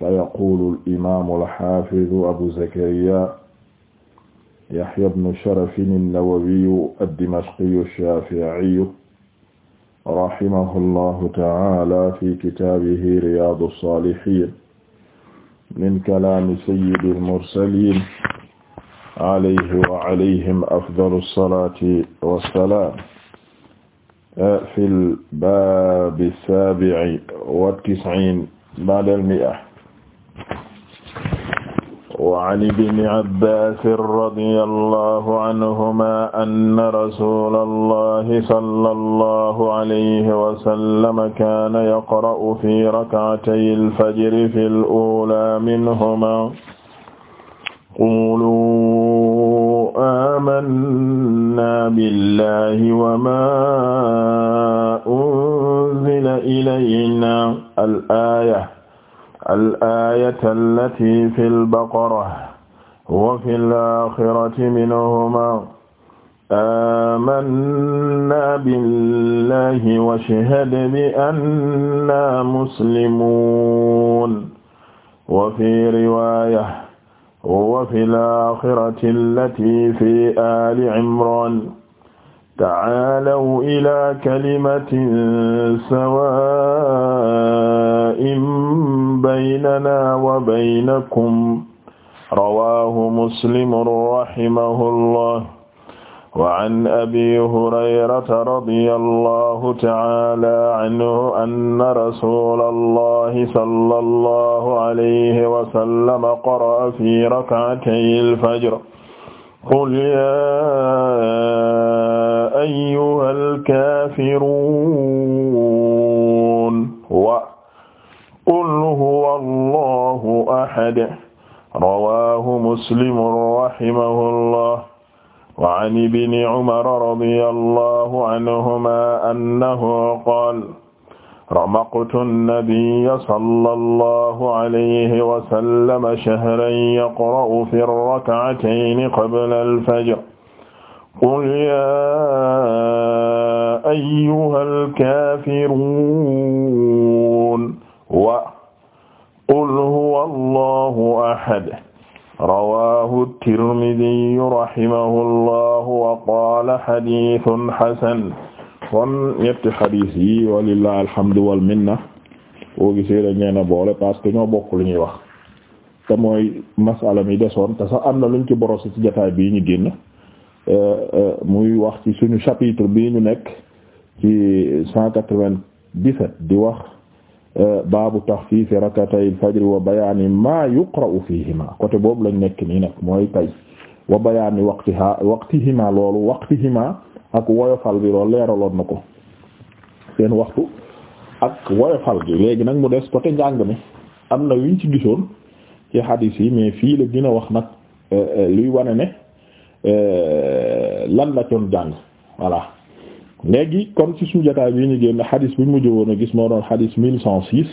فيقول الإمام الحافظ أبو زكريا يحيى بن شرف النووي الدمشقي الشافعي رحمه الله تعالى في كتابه رياض الصالحين من كلام سيد المرسلين عليه وعليهم أفضل الصلاة والسلام في الباب السابع والتسعين بعد المئة وعن ابن عباس رضي الله عنهما أن رسول الله صلى الله عليه وسلم كان يقرأ في ركعتي الفجر في الأولى منهما قولوا آمنا بالله وما أنزل إلينا الآية al-aayata allatii fil baqara wa fil aaxirati minhumaa aamannaa billaahi wa shahid bi annaa muslimuun wa fii riwaaya wa fil aaxirati allatii fii aali imraan ta'aalaw ilaa kalimatin sawaa in baynana wa baynakum rawaahu muslim rahimahullah wa an abi hurayrata radiyallahu ta'ala anhu anna rasulallahi sallallahu alayhi wa sallam qara'a fi rak'atayil fajr qul yaa ayyuhal kaafiruun wa qul huwa allahu ahad rawahu muslimun rahimahullah wa an ibni umara radiyallahu anhuma annahu qaala ramaqtu nabiyya sallallahu alayhi wa sallam shahran yaqra'u fi rak'atayni qabla al-fajr qul yaa ayyuhal kaafiruun wa qul huwa allahu ahad rawahu tirmidiyu rahimahu allahu wa qaala xaditun xasan kon ñetti xadis alhamdu wal minna boo gisee dañ boole parce que ñoo bokk lu ñuy wax te mooy masala mi desoon te sax am na luñ ci borosi ci jotaay bii ñu génn euh, euh, muy wax ci suñu chapitre bii ñu nekk ci cent quatre-vingt-dix-sept di wax baabu taxfiif rakatay fajri wa bayaani maa yuqra'u fiihimaa côté boobu lañ nekk nii nag mooy tay wa bayaani waqtihaa waqtihimaa loolu waqtihimaa ak woyofal bi loolu leeraloon na ko seen waxtu ak woyofal bi léegi nag mu des côté njàng mi am na yuñ ci gisoon ci hadis yi mais fii la gën a wax nag euh, euh, luy wane ne euh, lan la doon jàng voilà. léegi kon ci suñu jotaay bi ñu génn xadis bi mu jëwoon a gis moo doon xadis mille cent six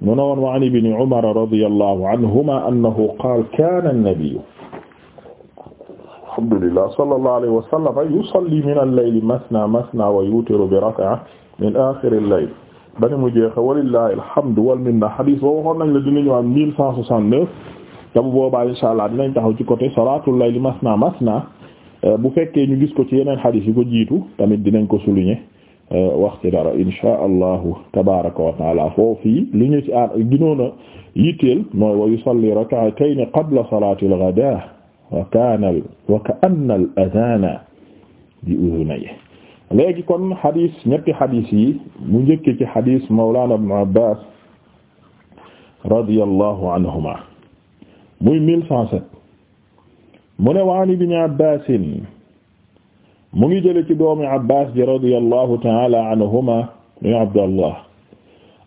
mu ne woon wa an ibni Umar radiyallahu anhuma annahu qaala kaana an-nabiyyu alhamdulillah sallallahu alayhi wa sallam yusalli min al-layli masna masna wa yutiru bi rak'a min aaxiri al-layl bani mu jeexe walillahi alhamdu wal minna xadis boo waxoon nañ la dinañu am mille cent soixante-neuf te bu boobaa inshallah dinañ taxaw ci côté salaatul layli masna masna Euh, bu fekkee ñu gis ko ci yeneen xadis yi ko jiitu tamit dinañ ko souligner euh, wax ci dara insha allahu tabaraka wa taala foofii li ñu ci aar ginoon a yitteel mooy wa yusalli qabla salati al-ghadaa wa al-adhaana bi udhunayhi léegi kon xadis ñetti xadis mu njëkke ci xadis mawlana ibn abbas radiyallahu anhuma mu ne waan ibni abbasin mu ngi jële ci doomi abbas ji radiyallahu taala anhuma muy abdallah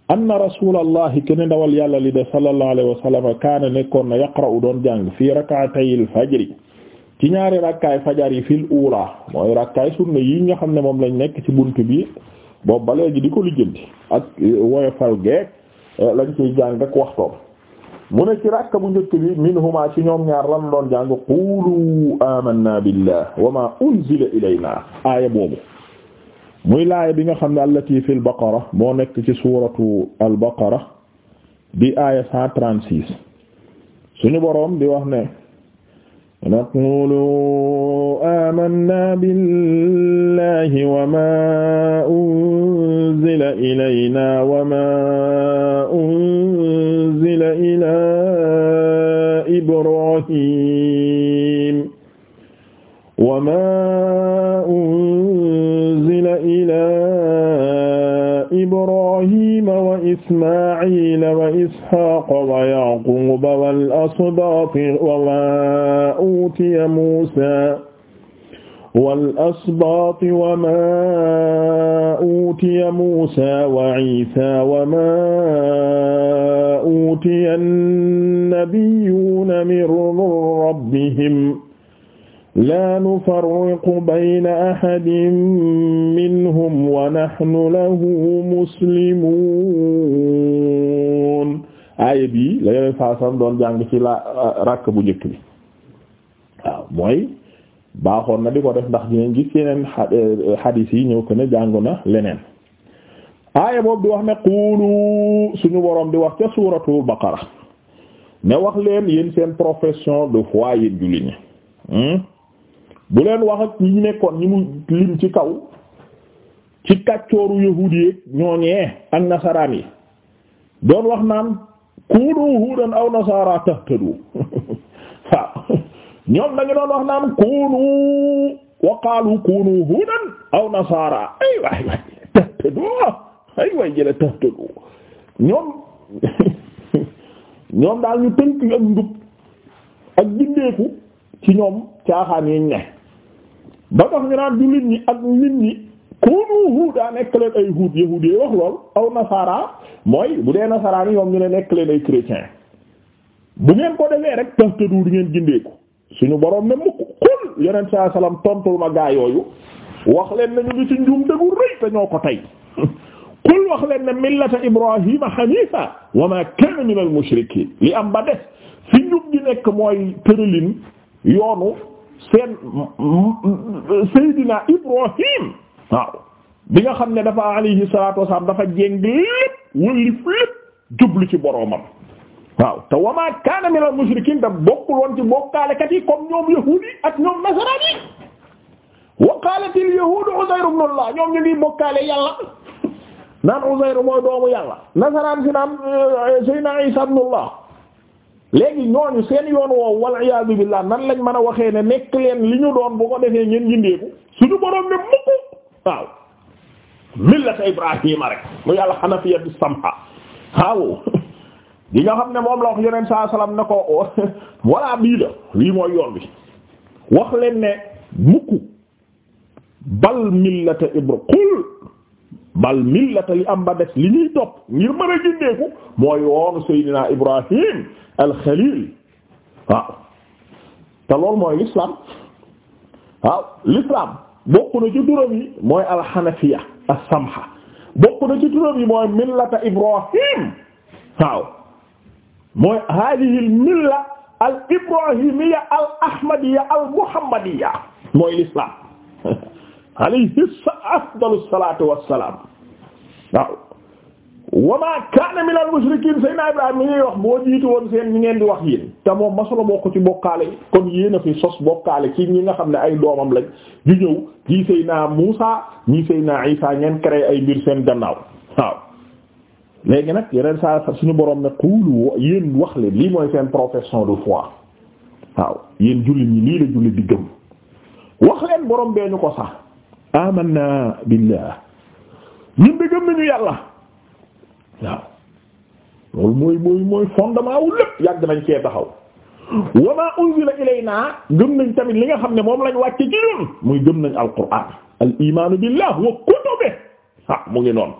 anna rasulallahi kene ndawal yàlla li de sallallahu kaana nekkoon na yaqra'u doon jàng fii rak'atayil fajri ci ñaari rakkaay fajar yi fil uula mooy rakkaay sunna yi nga xam ne moom lañ nekk ci bunt bi boobu ba léegi di ko lijjanti ak woyofal geek eh, lañ ciy jàng ak waxtoom mu ne ci rakka bu njëkk bi minhuma ci ñoom ñaar lan doon jàng qulu amanna billah wa ma unzila ilayna aaya boobu muy laaya bi nga xam ne allati fi albaqara moo nekk ci suratu albaqara di aaya cent trente six suñu boroom di wax ne naqulu amanna billahi wa ma unzila ilayna wa ma ilaa Ibraahiim wa maa unzila ilaa Ibraahiima wa Ismaa'iila wa Ishaaqa wa Yaquuba wal asbaati wa maa uutiya Muusaa wal asbaati wa maa uutiya Muusaa wa Iisaa wa maa uutiya nabiyyuuna min rabbihim laa nufarriqu bayna ahadin minhum wa nahnu lahu muslimuun. aaya bi la yeneen faasam doon jàng ci la uh, rakk bu njëkk bi waaw mooy. baaxoon na di ko def ndax dinañ gis yeneen eh, eh, xadiis yi ñëw ko ne jàngu na leneen aaya boobu di wax ne quulu suñu boroom di wax ca suuratul baqara ne wax leen yéen seen profession de foi yéen julli ñi hmm? bu leen wax ak ñu nekkoon ñi mu lim ci kaw ci kàccooru yahuud yi ñooñee ak nasaraan yi doon wax naan kuunu huudan aw nasaara tahtadu waaw ñoom dañu doon wax naan kuunu wa kuunu huudan aw nasaara ay waay waay tahtadu ay waay jële tahtadu ñoom ñoom daal ñu tënk ak njub ak gindeeku ci ñoom caaxaan yi ne ba tax ñu naan jullit ñi ak nit ñi kuunu huuda nekk leen ay huud yahuud yi wax lool aw nasaara mooy bu dee nasaara ni ñoom ñu ne nekk leen ay chrétien bu ngeen ko defee rek tahtadu di ngeen gindeeku suñu borom ne mukk xul yeneen saa salaam tontul ma yooyu wax leen ne ñu ngi ci njuum dëggu rëy te ñoo ko tey xul wax leen ne millata ibrahima hanifa wa ma kana min al mushrikiin li am ba des fi njub gi nekk mooy tërëlin yoonu seen seydina ibrahim waaw bi nga xam ne dafa alayhi salaatu wasalaam dafa jéng lépp wëlli lépp jublu ci boromam waaw te wamaa kaana minal mushrikiin te bokkul woon ci bokkaalekat yi comme ñoom yahuud yi ak ñoom nasaraan yi wa qaalatil yahuudu Uzayr ibnullah ñoom ñu ngi yàlla euh, yoon woowu wal iyaadu nan lañ mën a waxee ne nekk leen li ñu doon bu ko defee ngeen jindeeku suñu boroom ne mukk waaw millata Ibrahima rek mu yàlla xanafiya bi li nga xam ne moom la wax yeneen saa salaam ne ko oh, voilà bii la lii mooy yoon bi wax leen ne mukk bal millata ibra bal millata li am ba li ñuy topp ngir mën a gindeeku mooy yoonu Seydina Ibrahim al te loolu mooy l'islam waaw l'islam bokk na ci turam yi mooy al-Hanafiya bokk na ci turam mooy millata Ibrahim waaw mooy haadihil milla al ibrahimiya al ahmadiya al muhammadiya mooy l'islam alayhi afdalu salaatu wassalaam waaw wa maa kaana min al mushrikiin Seydina Ibrahima mi ngi wax boo jiitu woon seen ñi ngeen di wax yéen te moom masula bokk ci bokkaale kon yéen a fi sos bokkaale ci ñi nga xam ne ay doomam lañ di ñëw ñii Seydina Muusa ñii Seydina Isa ngeen créé ay mbir seen gannaaw waaw léegi nag yeneen saa suñu boroom ne xuulu yéen wax leen lii mooy seen profession de foi waaw yéen jullit ñi lii la jullit di gëm wax leen borom bee ñu ko sax amanna billah ñun de gëm nañu yàlla waaw loolu mooy mooy mooy fondement wu yàgg nañ cee taxaw wa ma unzila ilayna gëm nañ tamit li nga xam ne moom lañ wàcc ci muy gëm nañ alquran al imaanu billah wa kutubi ah mu ngi noonu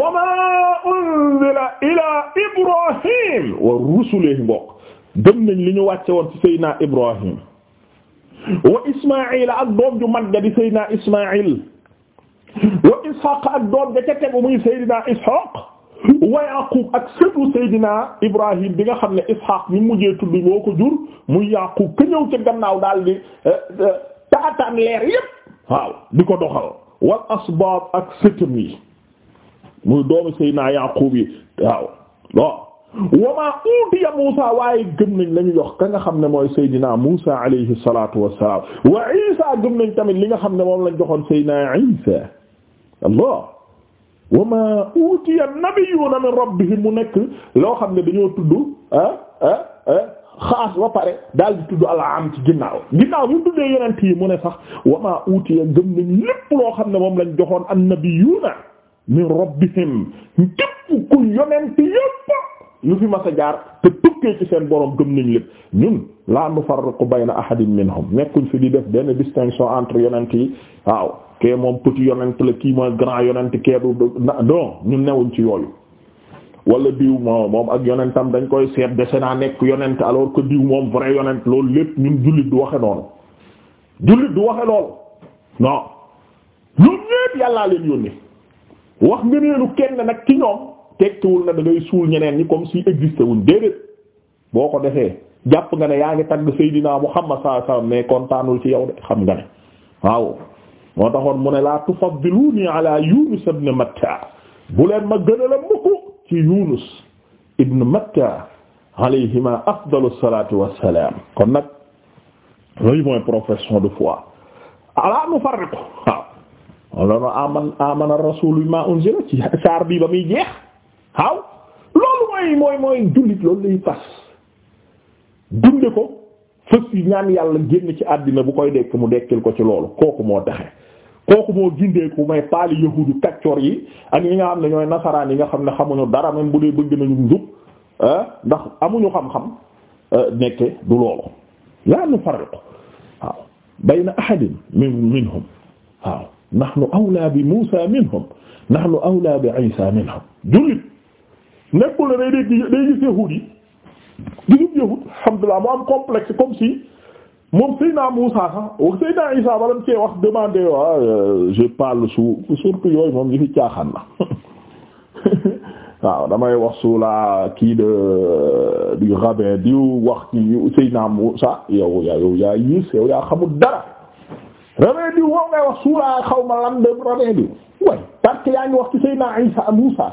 wa maa unzila ilaa Ibrahim wa rusulihi mbokk gëm nañ li ñu wàcce woon ci Seydina Ibrahim wa Ismaa'il ak doom ju mag di Seydina Ismaa'il wa Ishaq ak doom ja ca tegu muy Seydina Ishaq wa Yaqub ak sëtu Seydina Ibrahim bi nga xam ne Ishaq mi mujjee tudd moo ko jur muy Yaqub ka ñëw ca gannaaw daal di eh, eh, taataan leer yépp waaw di ko doxal wal asbaab ak sëtam yi muy doomu Seydina Yaqub yi waaw bon wamaa utiya Muusa waaye gëm nañ la ñu jox ka nga xam ne mooy Seydina Muusa alayhi salatu wassalam wa Isa gëm nañ tamit li nga xam ne moom lañ joxoon Seydina Isa Allah wamaa utiya nabiyuna min rabbihim mu nekk loo xam ne dañoo tudd ah ah ah xaas ba pare daal di tudd alaam ci ginnaaw ginnaaw bi mu tuddee yonent yi mu ne sax wamaa utiya gëm nañ lépp loo xam ne moom lañ joxoon annabiyuna min rabbihim képp ku yonent yépp yu fi mas a jaar te tukkee ci seen borom gëm nañ lépp ñun la nufarriqu bayna ahadin minhum nekkuñ fi di def benn distinction entre yonent yi waaw kee moom petit yonent la kii mooy grand yonent kee du non ñun newuñ ci yooyu wala diw moom moom ak yonentam dañ koy seet dese naa nekk yonent alors que diw moom vrai yonent loolu lépp ñun jullit du waxe noonu jullit du waxe loolu non ñun ñépp yàllaa leen yónni wax ngëneelu kenn nag ci ñoom tekkiwul na da ngay suul ñeneen ñi comme si existé wuñ déedéet boo ko defee jàpp nga ne yaa ngi tagg Seydina xam sallallahu alayhi wasallam mais kontaanul ci yow de xam nga ne waaw moo taxoon mu ne laa tufaddiluni ala Yunus ibn Matta bu leen ma gënal a mukk ci Yunus ibn Matta alayhima afdalu salatu wassalam kon nag loolu mooy profession de foi ala nu farriqu loolu aman amana rasul bi ma unzila ci saar bi ba muy jeex waaw loolu mooy mooy mooy jullit loolu lay fas dunde ko fës yi ñaan yàlla génn ci àddina bu koy dekk mu dekkil ko ci loolu kooku moo taxe kooku moo gindeeku may paali yahudu kaccoor yi ak ñi nga xam ne ñooy nasaraan yi nga xam ne xamuñu dara même bu dee bëgg nañu njub ah, ndax amuñu xam-xam ah, nekke du loolu laa nu farriqu waaw bayna ahadin minhum waaw nahnu awla bi Muusa minhum nahnu awla bi Isa minhum jullit nekkul ne day dégg day gis yahuud yi gisub yahuud alhamdulillah mu am complexe comme si moom Seydina Muusa sax wax Seydina Isa balam cee wax demandé wa ah, euh, je parle sous surtout yooyu moom yi fi caaxaan la waaw damay wax sous la kii de du rabbin diw wax ci Seydina Muusa yow yaa yow yaa yiis yow yaa xamul dara rabin diw woo ngay wax suuraa xaw ma lan de rabin diw way parce que yaa ngi wax ci Seydina Isa Musa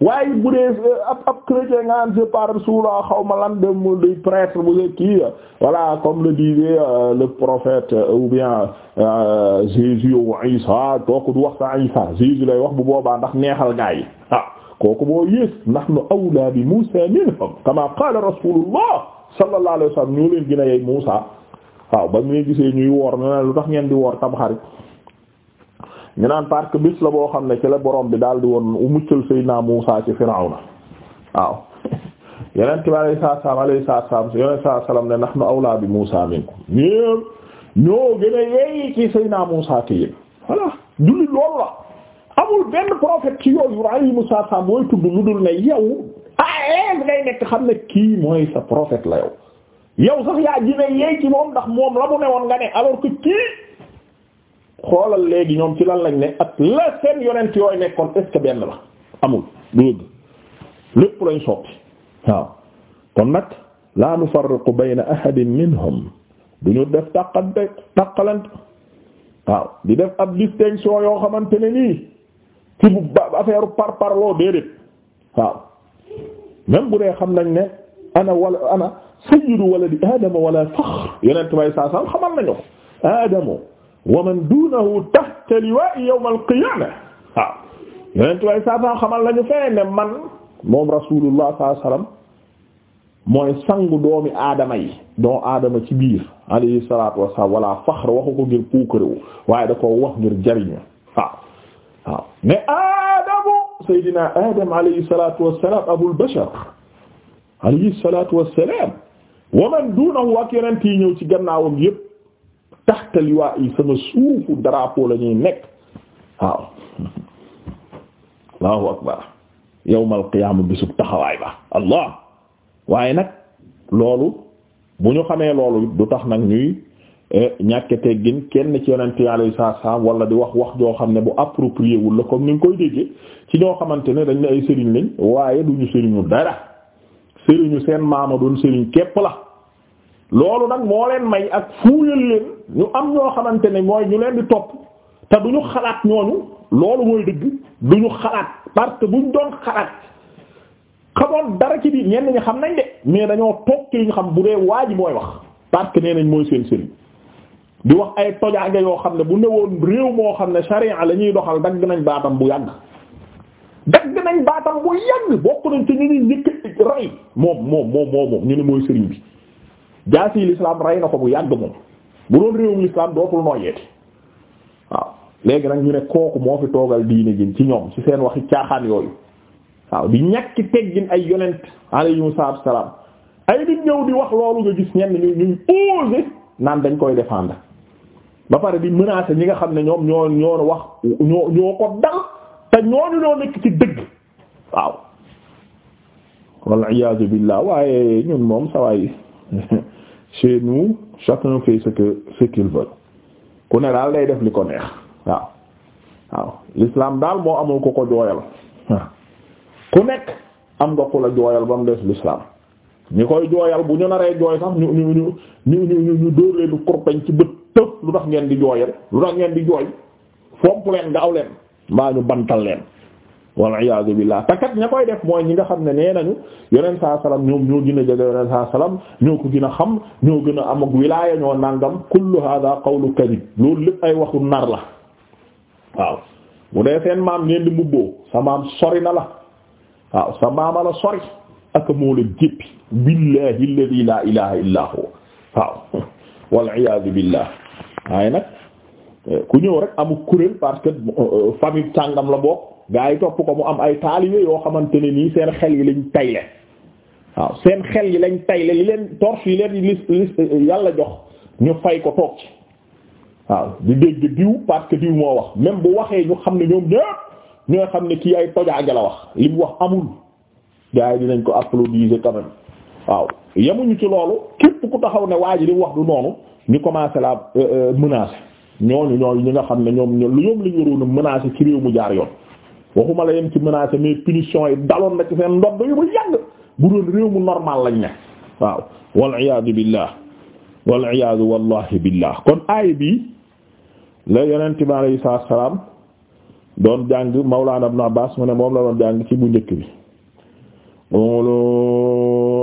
waaye bu dee euh, ab ab chrétien nga am c'est par suuraa xaw ma lan de mu di prêtre bu se kii voilà comme le disait euh, le prophète euh, ou bien Jésus ou Isa kooku du wax sa Isa Jésus lay wax bu boobaa ndax neexal gaa yi ah kooku boo yées nahnu awla bi Musa minhum kama qala rasulullah sallallahu alayhi wa sallam ñoo leen gën a yey Musa waaw ba ngay gisee ñuy woor ñu ne lu tax ngeen di woor tamxarit ñu naan parce que la boo xam ne ci la borom bi daal di woon u muccal Seydina Muusaa ci Firawna waaw yeneen bi alay saa salam alay saa salam yeneen awlaa bi Muusaa minkum ñépp ñoo gën a yeey ci Seydina Muusaa ki yéen voilà julli loolu la amul benn prophète ci yooyu rayi Muusaa sa mooy tudd lu dul ne yow ah eh, ngay nekk xam ne kii mooy sa prophète la yow yow sax yaa ji ci moom ndax moom la mu ne woon nga ne alors que kii xoolal léegi ñoom ci lan lañ ne ak la seen yonent yooyu nekkoon est ce que benn la amul du lépp lañ soppi waaw kon nag la nufarriqu bayna ahadin minhum du ñu def tàqante tàqalant waaw di def ab distinction yoo xamante ne nii ci bu affaire par parloo déedéet waaw même bu dee xam nañ ne ana wala ana sayyidu waladi aadama wala faxr yonent bay saa saam xamal nañu ko aadamu wa man duunahu tahta liwaa'i yawmal qiyaama waaw ah, yonent bay saa saam xamal nañu fee ne man moom rasulullah saa salaam mooy sangu doomi aadama yi doo aadama ci biir alayhi salaatu wasalaam wala faxr waxu ko ngir puukarewu waaye da koo wax ngir jariñu waaw ah, waaw ne aadamu sayyidina aadam alayhi salaatu wasalaam abul bashar alayhi salaatu wasalaam wa man duunahu ak yonent yi ñëw ci gannaawam yépp taxta liwaa yi sama suufu drapeau la ñuy nekk waaw allahu akbar yawmal qiyaama bisub taxawaay ba allah waaye nag loolu bu ñu xamee loolu du tax nag ñuy eh, ñàkke teggin kenn ci yonent yi alayhi salaam wala di wax wax joo xam ne bu approprié wul la comme ni nga koy déggee ci ñoo xamante ne dañ ne ay sëriñ lañ waaye duñu sëriñu dara ñu seen maama doon sëriñ képp la loolu nag moo leen may ak fuuyal leen ñu am ñoo xamante ne mooy ñu leen di topp te du ñu xalaat ñooñu loolu mooy digg du ñu xalaat parce que buñ doon xalaat xamoon dara ci biir ñenn ñi xam nañ de mais dañoo toog ci li ñu xam bu dee waa ji mooy wax parce que nee nañ mooy seen sëriñ di wax ay tojaange yoo xam ne bu newoon réew moo xam ne sharia la ñuy doxal dagg nañ baatam bu yàgg dagg nañ baatam bu yàgg bokk nañ ci ñu ngi njëkk rey moom moom moom moom ñu ne mooy sëriñ bi jaasi l'islam rey na ko bu yàgg moom bu doon réewum l'islam dootul nooyeeti waaw léegi nag ñu ne kooku moo fi toogal diine ji ci ñoom ci seen waxi caaxaan yooyu waaw di ñàkki teggin ay yonent alayhimu salaam ay nit ñëw di wax loolu nga gis ñenn ñu ñu osé naan dañ koy défendre ba pare di menacer ñi nga xam ne ñoom ñoo ñoo wax ñoo ñoo ko dal te ñooñu ñoo nekk ci dëgg waaw wal iyaazu billah waaye ñun moom sawaay chez nous chacun fait ce que ku ne daal day def li ko neex waaw waaw l'islam daal moo amul ko ko jooyal ku nekk am nga ku la jooyal ba mu des l'islam ñi koy jooyal bu ñu naree jooy sax ñu ñu ñu ñu ñu ñu dóor leen kurpeñ ci bët tëb lu tax ngeen di jooyal lu tax ngeen di jooy fomp leen gaaw leen maa ñu bantal leen wal iyaadu billah takat ña koy def mooy ñi nga xam ne nee nañu yoneen saa salaam ñoom ñoo gën a jege yoneen saa salaam ñoo ko gën a xam ñoo gën a am ak wilaaya ñoo nangam kullu hada qawlu kadib loolu lépp ay waxu nar la waaw bu dee seen maam ngeen di mbubboo sa maam sori na la waaw sa maama la sori ak moo la jéppi billahi alladhi la ilaha illa huwa waaw wal iyaadu billah waaye nag ku ñëw rek amu kuréel parce que euh, famille tàngam la bokk gaa yi topp ko mu am ay taalibe yoo xamante ne nii seen xel yi lañ tayle waaw seen xel yi lañ tayle li leen torche yi leen li li yàlla jox ñu fay ko toog ci waaw di dégg diw parce que diw moo wax même bu waxee ñu xam ne ñoom ñëpp ñooy xam ne kii ay tojaange la wax li mu wax amul gaa yi dinañ ko applaudir quand même waaw yemuñu ci loolu képp ku taxaw ne waa ji li mu wax du noonu ñu commencé la euh, euh, menacer. ñooñu ñooñu ñi nga xam ne ñoom ñoom ñoom la ñu waroon a ci réew mu jaar yoon waxuma la yem ci menacé mais punition yi daloon na ci seen ndodd yu bu yàgg bu doon réew mu normal lañ ne waaw wal iyaadu billah wal iyaadu wallahi billah kon aay bi la yonent bi alayhi salaatu salaam doon jàng Mawlana Ibn Abbas mu ne moom la doon jàng ci bu njëkk bi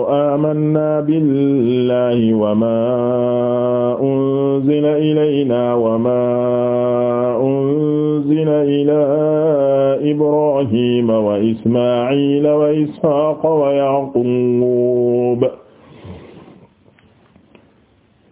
آمنا بالله وما أنزل إلينا وما أنزل إلى إبراهيم وإسماعيل وإسحاق ويعقوب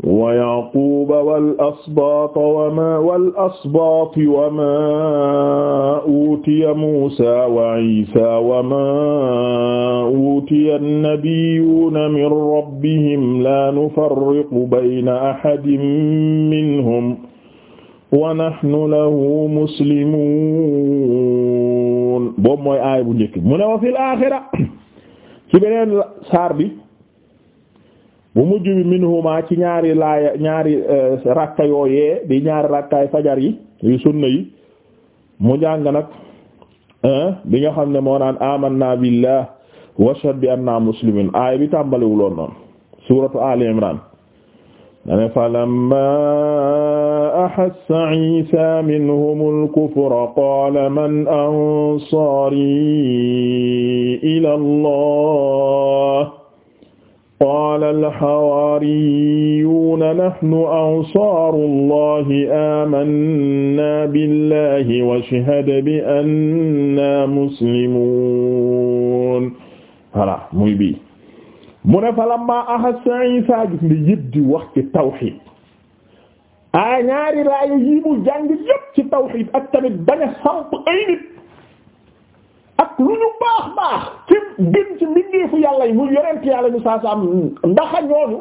wa yaquuba wal asbaata wa ma wal asbaati wa ma utiya muusa wa isa wa ma utiya annabiyuuna min rabbihim laa nufarriqu bayna ahadin minhum wa nahnu lahu muslimuun boobu mooy aaya bu njëkk mu ne wa fil aaxira ci beneen saar bi bu mujj bi minhuma ci ñaari laaya ñaari eh, rakka di ñaari rakkaay fajar yi yu sunna yi mu jàng nag eh, bi nga xam ne moo naan billah washhad bi anna muslimin aaya bi tàmbaliwuloon noonu suratu ali imran dane falamma ahassa isa minhumul kufra qaala man ansari ila qaala alxawaariyuuna naxnu ansaaru allahi aamannaa billahi washhad bi annaa muslimuun voilà muy bii mu ne fa lamma ahassa isa gis ndi yëpp di wax ci tawxid a ñaari raaya yi mu jàng yëpp ci tawxid ak tamit bañ a samp ay nit ak lu ñu baax baax ci gën ci mbindeefu yàlla yi mu yonent yàlla ñu saa saa ndax ñooñu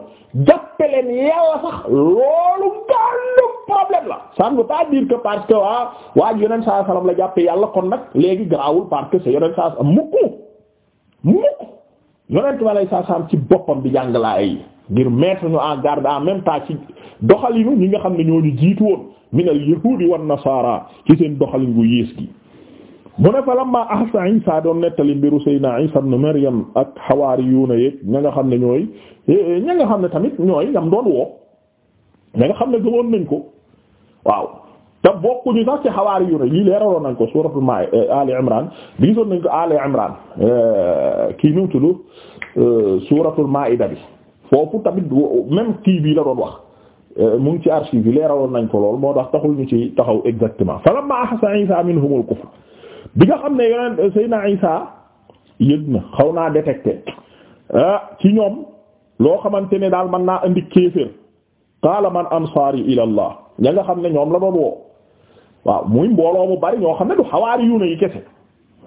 jàppe leen yàlla sax loolu gàllu problème la ça ne veut pas waa waa yonent saa salaam la jàppe yàlla kon nag léegi garaawul parce que sa yonent saa salaam mukk mukk yonent ma lay saa salaam ci boppam bi jàngalaay yi ngir mettre ñu en garde en même temps ci doxalinu ñi nga xam ne ñoo ñu jiitu woon minal yahuudi wan nasaara ci seen doxalin gu yées gi mu ne fa lamma ahsa isa doon nettali mbiru sayna isa ibn maryam ak xawaari yuuna yéeg ña nga xam ne ñooy ña nga xam ne tamit ñooy ñam doon woo ña xam ne gëmoon nañ ko waaw te bokkuñu sax ci xawaari yuuna lii leeraloon nañ ko suuratul maay eh, ali imran bi gisoon nañ ko ali imran eh, kii nu tudd eh, suuratul maa'ida bi foofu tamit même kii bii la doon wax mu ngi ci archive yi leeraloon nañ ko lool moo tax taxul ñu ci taxaw exactement fa lamma ahsa isa minhumul kufr bi nga xam ne yoneen euh, Seydina Isa yëg na xaw naa détecté ah, ci ñoom loo xamante ne daal man naa indi kéefër qaala man ansaari ilallah ña nga xam ne ñoom la doon woo waaw muy mbooloo mu bari ñoo xam ne du xawaari yu ne yi kese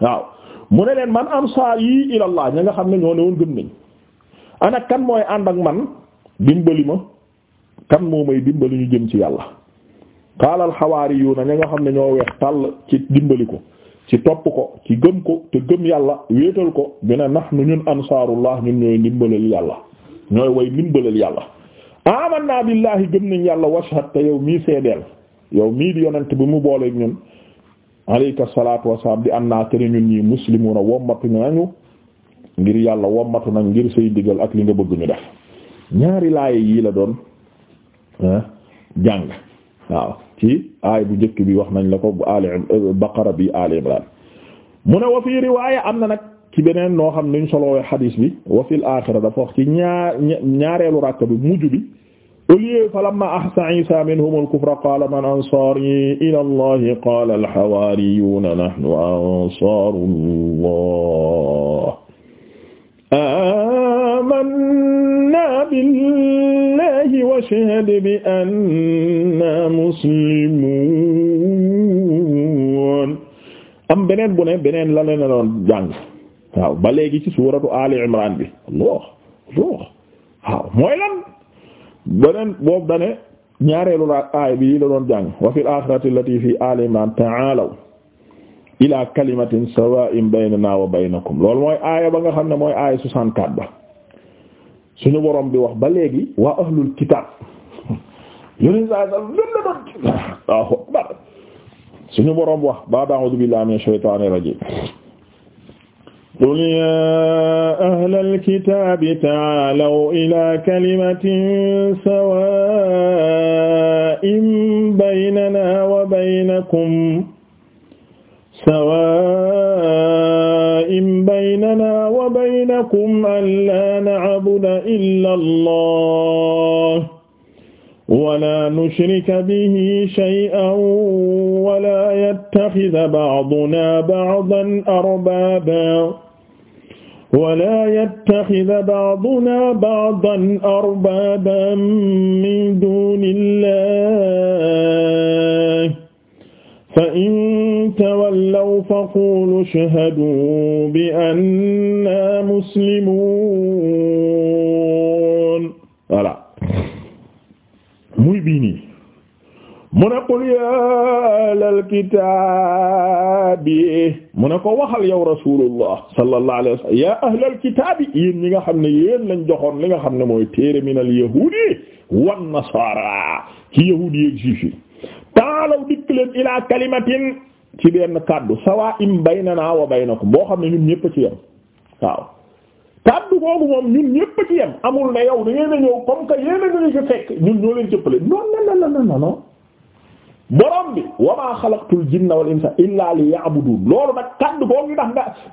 waaw mu ne leen man yi ilallah ña nga xam ne ñoo ne woon gëm nañ ana kan mooy ànd ak man dimbali ma kan moo may dimbali ñu jëm ci yàlla qaala al xawaari yu na ña nga xam ne ñoo weex tàll ci dimbali ko ci topp ko ci gëm ko te gëm yàlla wéetal ko bi ne nahnu ñun ansaarullah ñun ñooy ndimbalal yàlla ñooy woy ndimbalal yàlla amanna billahi gëm nañ yàlla washhad te yow mii seedeel yow mii di yonent bi mu booleeg ñun alayka salaatu wasalaam bi annaa kene ñun ñi muslimuuna wommatu nañu ngir yàlla wommatu nañ ngir say ndigal ak li nga bëgg ñu def ñaari laay yi la doon ah, jàng waaw ci aay bu njëkk bi wax nañ la ko ali baqara bi ali imran mu ne wa fii riwaaya am na nag ci beneen noo xam ne ñu solowee xadiis bi wa fil aaxira dafa wax ci ñaar ñaareelu ràkk bi mujj bi au lieu fa lamma ahsa isa minhum al-kufra qaala man ansaari ila allahi qaala al-hawaariyuuna nahnu ansaaru allah amanna billahi wa shahid bi anna muslimun am beneen bu ne beneen la leen doon jàng waaw ba léegi ci suuratu Ali Imran bi Allah Allah mooy lan beneen boobu dane ñaareelu la aay bi la doon jàng wa fil aaxirati allati fi Ali Imran ta'aalaw ila kalimatin sawaa'in baynanaa wa baynakum loolu mooy aaya ba nga xam ne mooy aaya 64 ba suñu borom bi wax ba léegi waa ahlul kitaab yonent saa sal lun la doon waaw akbar suñu borom wax ba a'uudu billahi minash shaytaanir rajiim qul yaa ahlal kitaabi ta'aalaw ilaa kalimatin sawaa'in baynanaa wa baynakum sawaa'in in baynana wa baynakum allaa na'buda illa allah wala nushrika bihi shay'an wala yattakhidha ba'duna ba'dan arbaaban wala yattakhidha ba'duna ba'dan arbaaban min duuni llah فإن تولوا فقولوا اشهدوا بأننا مسلمون voilà muy bii nii mu ne qul yaa ahlal kitaabi mu ne ko waxal yow rasulullah sallallahu alayhi wa sallam yaa ahlal kitaabi yéen ñi nga xam ne yéen lañ joxoon li nga xam ne mooy téere minal yahuudi wan nasaara ci yahuudi ak juif yi taalaw dikk leen ilaa kalimatin ci benn kàddu sawaa'in baynanaa wa ko boo xam ne ñun ñépp ci yem waaw kàddu googu moom ñun ñépp ci yem amul na yow da ngeen a ñëw comme que yéen nag nga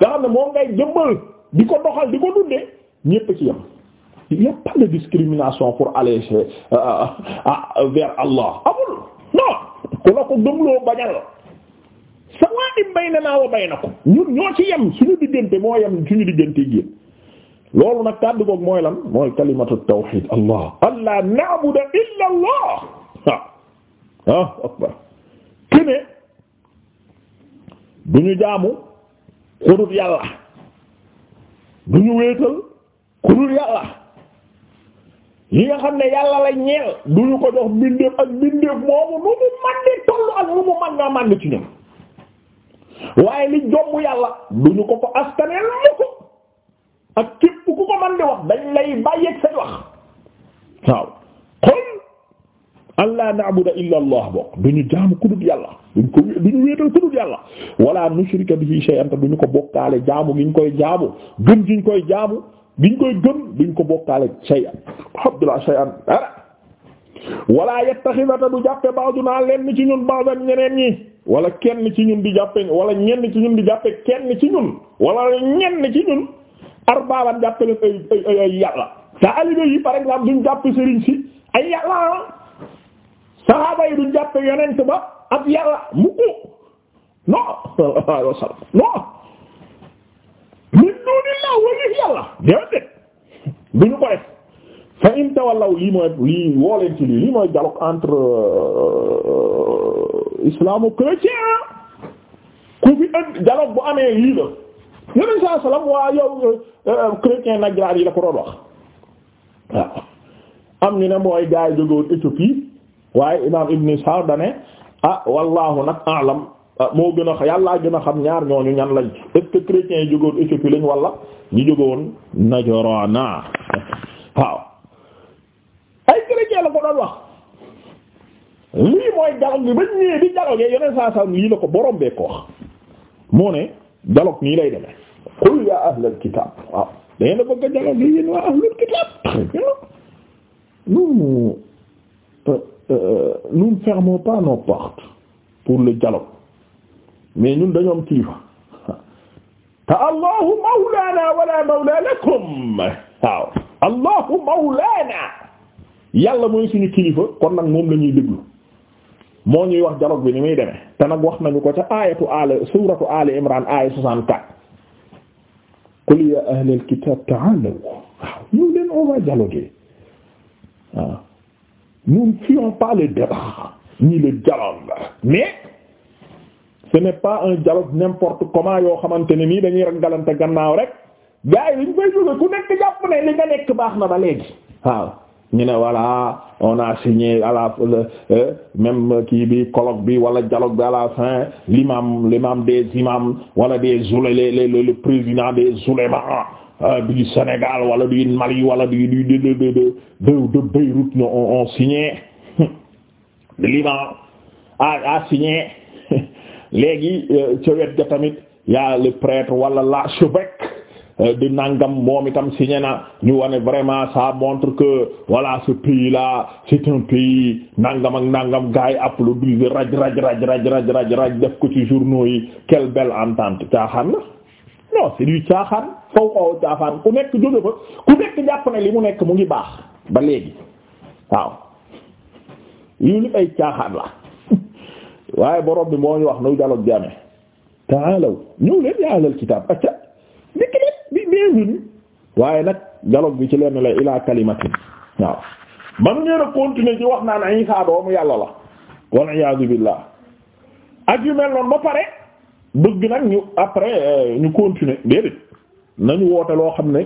xam ne moom ngay jëmbal di ko doxal di ko dundee ñépp ci yem. il a pas discrimination pour aller euh, euh, euh, vers Allah amul non. ku la ko gëmloo bañal sawaa'un baynanaa wa baynakum ñun ñoo ci yem suñu diggante moo yem suñu diggante gi loolu nag kàddu mooy lan mooy kalimatu tawhid allah allah na'budu illa allah ah du ñu jaamu ku yàlla du ñu wéetal ku yàlla yi nga xam ne yàlla la ñeel du ñu ko jox bindeef ak bindeef moomu nu mu man tollu ak nu mu man ci ñun waaye li jomb yàlla du ñu ko ko askanee lu ko ak képp ku ko man wax dañ lay bàyyeek say wax waaw qul an la na'budu illa allah bokk du ñu jaamu ku dul yàlla duñ ko du ñu wéetal ku dul yàlla wala nushrika bihi shay'an du ñu ko bokkaale jaamu gi ñu koy jaamu gëm gi ñu koy jaamu gi ñu koy gëm duñ ko bokkaale shay'an Abdullah shay'an dara wala yattaxidata du jàppe ba'duna lenn ci ñun ba'dan ñeneen ñi wala kenn ci ñun di jàppe wala ñenn ci ñun di jàppe kenn ci ñun wala ñenn ci ñun arbaaban jàppe leen ay ay ay yàlla te yi par exemple duñ jàppe sëriñ si ay yàlla saxaaba yi duñ jàppe yonent ba ab yàlla mukk non alayhi min dunillah wali yàlla déedéet duñu ko def fa in tawallaw lii mooy lii woo ci lii lii mooy dialogue entre euh, islamo-chrétien ku fi ëpp bu amee lii la yeneen saa salaam waa yow euh, chrétien Najran yi la ko doon wax waaw am ñu ne mooy gaa yi Éthiopie waaye imaam Ibn Ishaq da ah wallaahu nag a'lam ah, moo gën a yàlla gën a xam ñaar ñooñu ñan lañ est chrétien yi jógewoon Éthiopie lañ wala ñu jógewoon Najrana waaw. ay chrétien la ko doon wax lii mooy dialogue bi ba ñëwee di dialogue yeneen saa saa lii la ko borom bee ko moo ne dialogue nii lay demee qul yaa ahlal kitaab waaw dangeen a bëgg a dialogue yi yéen ahlal kitaab nous euh, euh, euh, nous ne fermons pas nos portes pour le dialogue mais ñun dañoo am allahu mawlaana wala mawla lakum allahu mawlaana yàlla mooy suñu kilifa kon nag moom la ñuy déglu moo ñuy wax dialogue bi ni muy demee te nag wax nañu ko ca aayatu al suratu al imran aaya 64 qul ya ahlal kitab ta'aalaw waaw ñu leen on va dialoguer waaw nous ne fuyons pas le débat ni le dialogue mais pas un dialogue n'importe comment yoo xamante ne nii dañuy ragalante gannaaw rek gars yi dañ fay jóge ku nekk jàpp ne li nga nekk baax na ba léegi waaw ñu ne voilà on a signé à la euh, même kii bi colloque bi wala dialogue bi à la fin l'imam l'imam des imams wala des zoulé le le président des oulémas euh, du Sénégal wala du Mali wala du du de de de de Beyrouth ñoo on signé de l'imam a signé léegi euh, ca wet ga y'a le prêtre wala l'archevêque Euh, di nangam moom itam signé na ñu wane vraiment ça montre que voilà ce pays là c'est un pays nangam ak nangam gars yi applaudir raj raj raj raj raj raj raj def ko ci journaux yi quelle belle entente caaxaan la non c'est du caaxaan faw xaw caaxaan ku nekk jóge fa ku nekk jàpp ne li mu nekk mu ngi baax ba léegi waaw lii li ay caaxaan la waaye borom bi moo ñu wax nuy daloog jame taalaw ñëw leen yaa ahlal kitaab acca bienvenue waaye nag dialogue bi ci lenn la ilaa kalimatin waaw manu ngeen a continuer ci wax naan Isa doomu yàlla la wal iyaazu billah ak yu mel noonu ba pare bëgg nag ñu après euh, ñu continuer déedéet nañu woote loo xam ne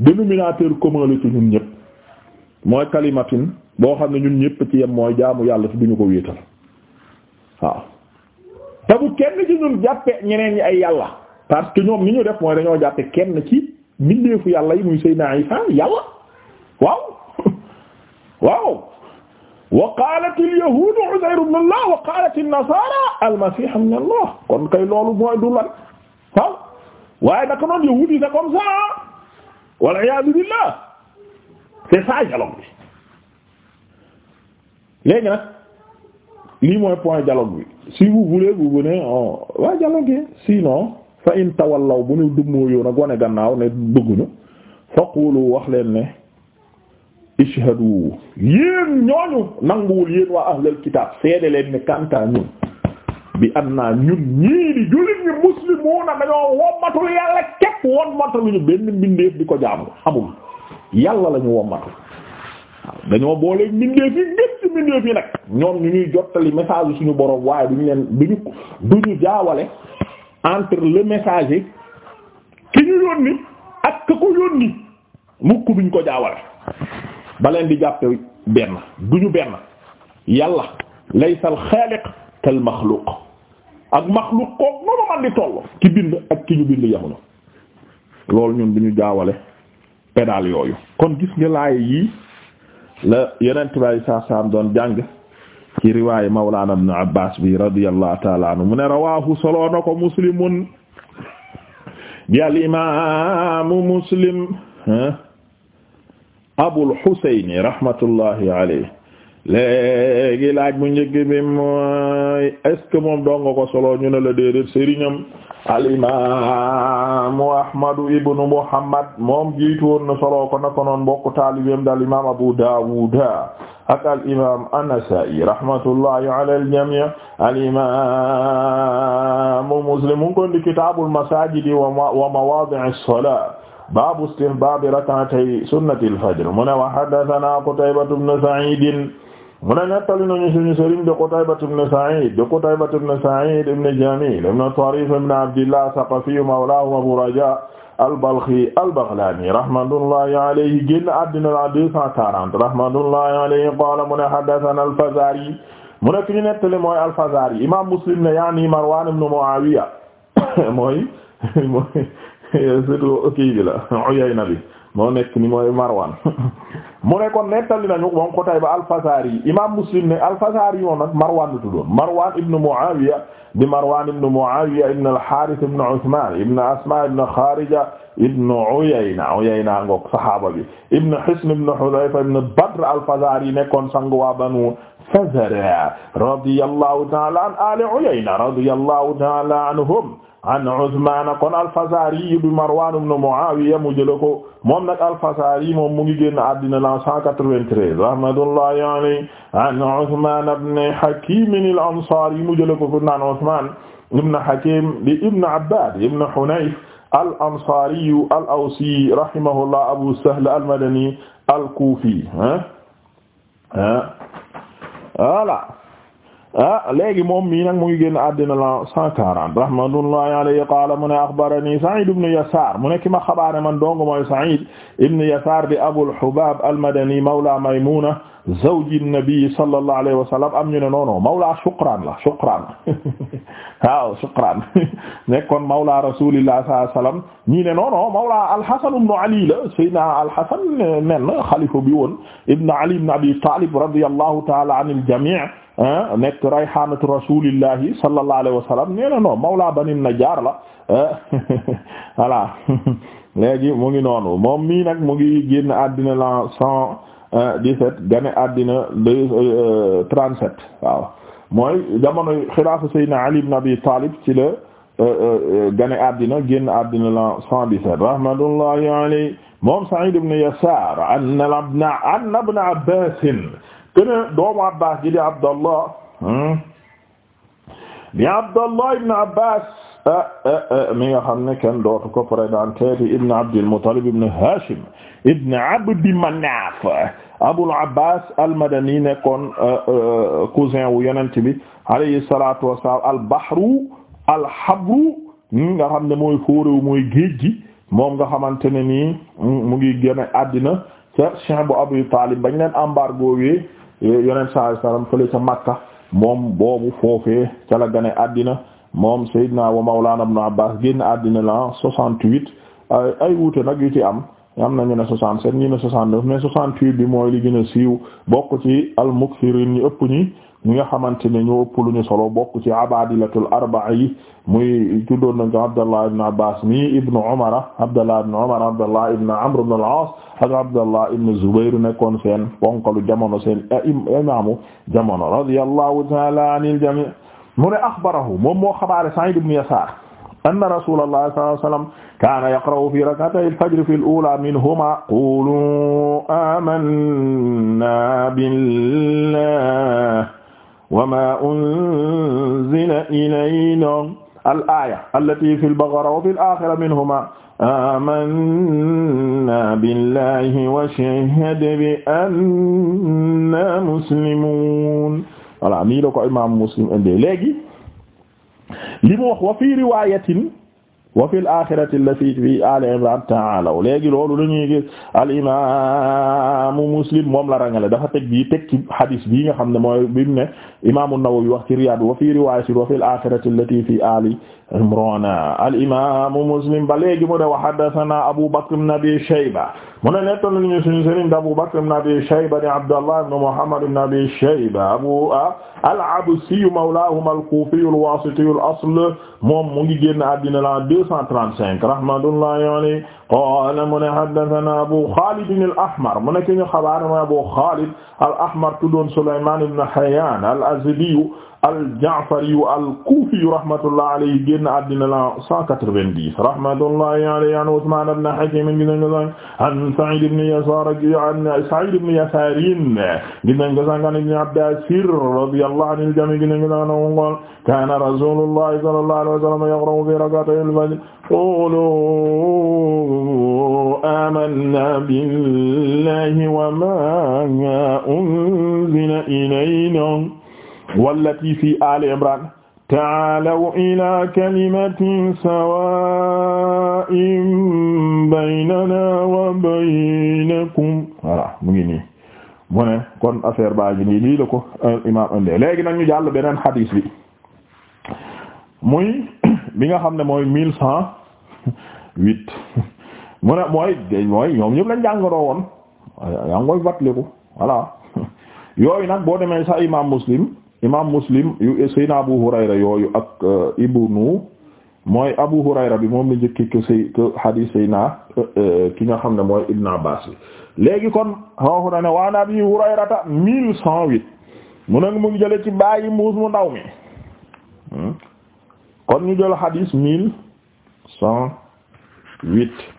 dénominateur commun la ci ñun ñëpp mooy kalimatin boo xam ne ñun ñëpp ci yem mooy jaamu yàlla ci duñu ko wéetal waaw te kenn ci ñun jàppe ñeneen ñi ay yàlla parce que ñoom ni ñu def mooy dañoo jàppe kenn ci mbindeefu yàlla yi muy Seydina Isa yàlla waaw waaw wa qalat al yahud wa qalat an nasara al masih ibn Allah kon kay loolu mooy du lan waaw waaye naka noonu yahud yi c'est comme ça wal billah c'est ça dialogue bi léegi nag lii mooy point dialogue bi si vous voulez vous venez on va dialoguer sinon fa in tawallaw bu ñu dëgmoo yoon ak wane gannaaw ne bëgguñu faqulu wax leen ne ishhadu yéen ñooñu nanguwul yéen waa ahlul kitaab seede leen ne kanta ñun bi am ñun ñii di jullit ñi muslimuuna dañoo wommatul yàlla képp wommatul ñu benn mbindeef di ko jaamu xamul yàlla lañu wommatul dañoo boole mbindeef yi ngeen ci mbindeef yi nag ñoom ñu ñuy jottali message suñu borom waaye duñu leen duñu duñu jaawale entre le messager ki ñu yónni ak ka ko yónni mukk duñ ko jaawale ba di jàppe benn du ñu benn yàlla laysa al xaaliq kal maxluuq ak maxluuq koog noonu man di toll ki bind ak ki ñu bind yamuno loolu ñun duñu jaawale pédal yooyu kon gis nga laay yii la yeneen tubaab saa saa doon jàng ci riwaaya mawlaana ibn Abbaas bi radiyallahu ta'ala anhu mu ne rawaahu solo na ko muslimun bi al imaamu muslim ah, Abul Husayn rahmatullahi alayhi léegi laaj bu njëkk bi mooy est-ce ko solo ñu ne la déedéet sëriñam al imaamu ahmadu ibnu muhammad moom jiitu woon na solo ko na ko noon mbokk taalibeem dal imaam abu daawuda ak al imaam an-nasaa'i rahmatullahi ala al jamii al imaamu muslim mu ngi ko di kitaabul masaajidi wa mawaadi'i as-salaat baabu istihbaabi rak'atay sunnatil fajr mu ne wa haddathanaa qutaybatu ibnu sa'iid mu ne nettali nañu suñu sëriñ de Qutayba ibn Sa'id de Qutayba ibn Sa'id ibn Jamil ibn Tarif ibn Abdillah Saqafi mawlaahu Abu Raja al-Balkhi al-Baghlani rahmatullahi alayhi génn àddina la 240 rahmatullahi alayhi qaala mu ne haddathana al-Fazari mu ne ki ñu nettali mooy al-Fazari imam Muslim ne yaani Marwan ibn Muawiya mooy mooy surtout kii bi la Uyayna bi moo nekk ni mooy Marwan mu ne kon nettali nañu moom Qutayba al-Fazari imaam Muslim ne al-Fazari moom nag Marwan la tuddoon Marwan ibn Muawiya di Marwan ibn Muawiya ibn al-Harith ibn Uthman ibn Asma ibn Kharija ibn Uyayna Uyayna ngoog saxaaba bi ibn Hisn ibn Hudhayfa ibn Badr al-Fazari nekkoon sangu waa Banu Fazara radiyallahu ta'ala an ali Uyayna radiyallahu ta'ala anhum an Usmaan kon al-Fazaari bi Marwaan ibn Mu'aawiya mu jëlee ko moom nag al-Fazaari moom mu ngi génn àddina la 193 rahmatullahi alayhi an Usmaan ibn Hakiim al-Ansaari mu jëlee ko fu naan Usmaan ibn Hakiim di ibn Abbaad ibn Hunayf al-Ansaari al-Awsi rahimahullah Abu Sahl al-Madani al-Kuufi voilà ah léegi moom mii nag mu ngi génn àddina la cent quarante rahmatullahi alayhi qaala mu ne axbarani Sa'id ibn Yasar mu ne ki ma xabaare man dong mooy Sa'id ibn Yasar di Abul Hubaab al-Madani mawla Maymuna zawji nabi sallallahu alayhi wa sallam am ñu ne noono mawla Shuqraan la Shuqraan waaw Shuqraan nekkoon mawla Rasulillah sallallahu alayhi wa sallam ñii ne noono mawla al-Hasan ibn Ali la Sayyidina al-Hasan men xalifa bi woon ibn Ali ibn Abi Talib radiyallahu ta'ala anil jami' nekk rayhanatu rasulillahi sallallahu alayhi wa sallam nee na non mawla Bani Najjar la voilà léegi mu ngi noonu moom mii nag mu ngi génn àddina la cent euh, dix-sept gane àddina deux euh, trente-sept waaw mooy jamono xilaafa Seydina Ali ibn Abi Talib ci la euh, gane àddina génn àddina la cent dix-sept rahmatullahi alayhi moom Sa'id ibn Yasar anna ibn Abbas kene doomu abbas ji di abdallah hmm? di abdallah ibn abbas eh, eh, eh, mi nga xam ne kenn dootu ko présenté di ibn abdil muttalib ibn hashim ibn abdi manaf abul abbas almadani nekkoon cousin wu yonent bi alayhi salatu wassalam albahru alhabru nga ne mooy fóoréwu mooy géej moom nga xamante ne nii mm, mu ngi àddina ca cheikh bu Abu Talib bañ leen yeneen sallallahu alayhi wasallam fële ca Makka moom boobu foofee ca la gane àddina moom Seydina wa Mawlana Ibn Abbas génn àddina la 68 ay ay wuute nag yu ci am am na ñu ne 67 ñu ne 69 mais 68 bi mooy li gën siiw bokk ci al-mukthiriin ñu ëpp ñi. ñi nga xamante ne ñoo ëpp lu ñu solo bokk ci abadilatul arba'a yi muy tuddoon nañ ko Abdallah ibn Abbas mi ibnu Umar Abdallah ibn Umar Abdallah ibn Amr ibn al-As ak Abdallah ibn Zubayr nekkoon seen bonkalu jamono seen imaamu jamono radiyallahu ta'ala anil jami' mu ne axbarahu moom moo xabaare Sa'id ibn Yasar anna rasulallah sallallahu alayhi wa sallam kaana yaqra'u fi rak'atay al-fajr fi al-ula minhuma qulu amanna billah wa ma unzila ilayna al aya allati fi lbaqara wa fi l axira minhuma amanna billahi wa shahid bi anna muslimun voilà nii la ko imam Muslim indi léegi li mu wax wa fi riwayatin wa fil aaxirati allati fi aali imraan ta'aalaw léegi loolu dañuy gis al imaamu muslim moom la rangale dafa teg bii teg ci hadis bii nga xam ne mooy bi mu ne imaamu Nawawi wax ci Riyaad wa fii riwaayatin wa fil aaxirati allati fi aali imraan al imaamu muslim ba léegi mu ne wa haddasanaa Abu Bakr ibn Abi Shayba mu ne nettal nañu suñu sëriñ di Abu Bakr ibn Abi Shayba di Abdallah ibn Muhammad ibn Abi Shayba abu ah, al-Absi mawlaahum al-Kufi al-Wasiti al-asl moom mu ngi génn àddina la 235 rahmatullahi alayhi qaala mu ne haddathana Abu Khalid al-Ahmar mu ne ki ñu xabaar mooy Abu Khalid al-Ahmar tuddoon Sulayman ibn Hayyan al-Azdi al-Ja'fari al-Kufi rahmatullah alayhi génn àddina la 190 rahmatullahi alayhi an Usman ibn Hakim gis nañ ko sànq an Sa'id ibn Yasar an Sa'id ibn Yasar gis nañ ko sànq an ibn Abbasir radiyallahu anil jami' gis nañ ko sànq an qala kana rasulullah sallallahu alayhi wa sallam yaqra'u fi rak'atay al-fajr qulu amanna billahi wa ma unzila ilayna wallati fi ali imran ta'aalaw ilaa kalimatin sawaa'in baynanaa wa baynakum voilà mu ngi nii mu ne kon affaire baa ngi nii lii la ko euh, imaam ande léegi nag ñu jàll beneen xadiis bi muy bi nga xam ne mooy mille cent huit mu mooy mooy ñoom ñëpp lañ jàngandoo woon yaa yooyu nag boo demee sa imaam muslim imam muslim yu sayna abu hurayra yooyu ak uh, ibnu mooy abu hurayra bi moom la njëkki que say que hadith sayna uh, uh, ki nga xam ne mooy ibn abbas bi léegi kon xooxu na ne waan abi hurayrata mille cent huit mu nag mu ngi jële ci bàyyi muus mu ndaw mi hmm? kon ñu jël hadith mille cent huit